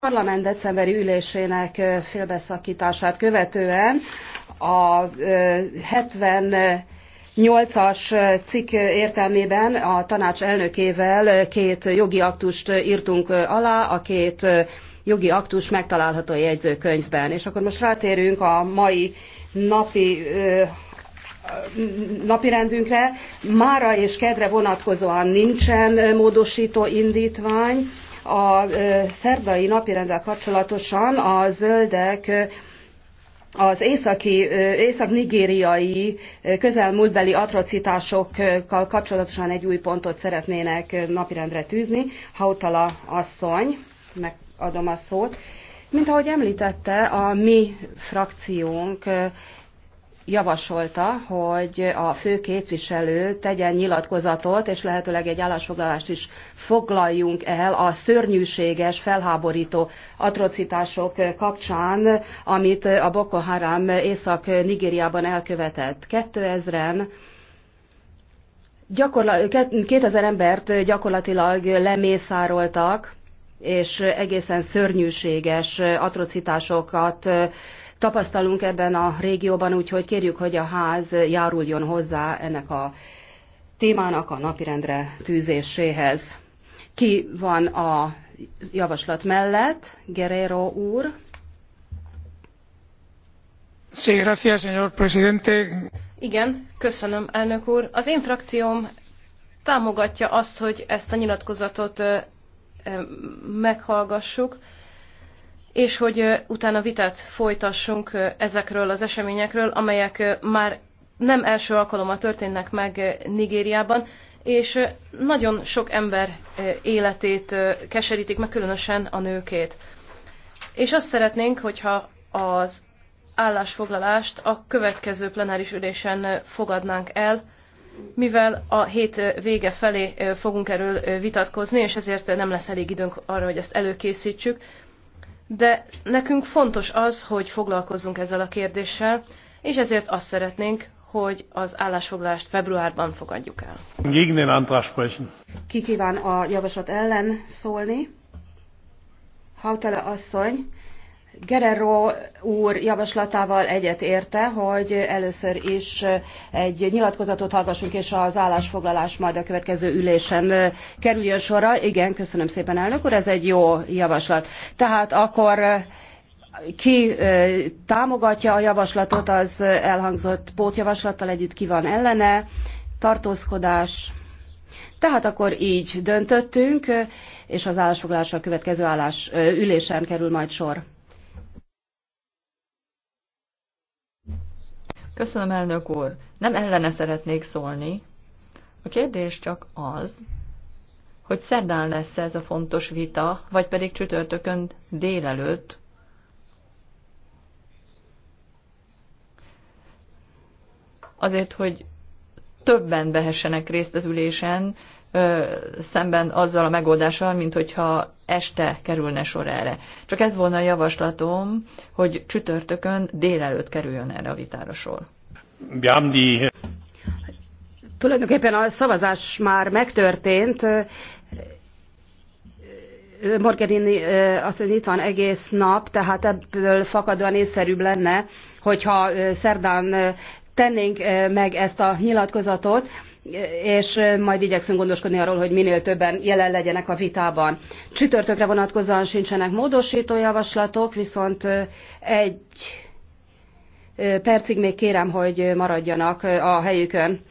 parlament decemberi ülésének félbeszakítását követően a 78-as cikk értelmében a tanács elnökével két jogi aktust írtunk alá, a két jogi aktus megtalálható a jegyzőkönyvben. És akkor most rátérünk a mai napi napirendünkre. Mára és kedre vonatkozóan nincsen módosító indítvány. A szerdai napirendel kapcsolatosan a zöldek az északi, észak-nigériai közelmúltbeli atrocitásokkal kapcsolatosan egy új pontot szeretnének napirendre tűzni. Hautala asszony, megadom a szót. Mint ahogy említette, a mi frakciónk javasolta, hogy a fő képviselő tegyen nyilatkozatot, és lehetőleg egy állásfoglalást is foglaljunk el a szörnyűséges, felháborító atrocitások kapcsán, amit a Boko Haram Észak-Nigériában elkövetett. 2000-en 2000 embert gyakorlatilag lemészároltak, és egészen szörnyűséges atrocitásokat tapasztalunk ebben a régióban, úgyhogy kérjük, hogy a ház járuljon hozzá ennek a témának a napirendre tűzéséhez. Ki van a javaslat mellett? Guerrero úr. Sí, gracias, señor presidente. Igen, köszönöm, elnök úr. Az én frakcióm támogatja azt, hogy ezt a nyilatkozatot meghallgassuk és hogy utána vitát folytassunk ezekről az eseményekről, amelyek már nem első alkalommal történnek meg Nigériában, és nagyon sok ember életét keserítik meg, különösen a nőkét. És azt szeretnénk, hogyha az állásfoglalást a következő plenáris ülésen fogadnánk el, mivel a hét vége felé fogunk erről vitatkozni, és ezért nem lesz elég időnk arra, hogy ezt előkészítsük, de nekünk fontos az, hogy foglalkozzunk ezzel a kérdéssel, és ezért azt szeretnénk, hogy az állásfoglalást februárban fogadjuk el. Gegen den Ki kíván a javaslat ellen szólni? Hautala asszony, Gerero úr javaslatával egyet érte, hogy először is egy nyilatkozatot hallgassunk, és az állásfoglalás majd a következő ülésen kerüljön sorra. Igen, köszönöm szépen, elnök úr, ez egy jó javaslat. Tehát akkor ki támogatja a javaslatot, az elhangzott pótjavaslattal együtt ki van ellene, tartózkodás. Tehát akkor így döntöttünk, és az állásfoglalásra a következő állás ülésen kerül majd sor. Köszönöm, elnök úr. Nem ellene szeretnék szólni. A kérdés csak az, hogy szerdán lesz ez a fontos vita, vagy pedig csütörtökön délelőtt. Azért, hogy többen behessenek részt az ülésen, szemben azzal a megoldással, mint hogyha este kerülne sor erre. Csak ez volna a javaslatom, hogy csütörtökön délelőtt kerüljön erre a vitára sor. Bjámdi. Tulajdonképpen a szavazás már megtörtént. Morgerini azt, mondja, itt van egész nap, tehát ebből fakadóan észszerűbb lenne, hogyha szerdán tennénk eh, meg ezt a nyilatkozatot, eh, és eh, majd igyekszünk gondoskodni arról, hogy minél többen jelen legyenek a vitában. Csütörtökre vonatkozóan sincsenek módosító javaslatok, viszont egy percig még kérem, hogy maradjanak a helyükön.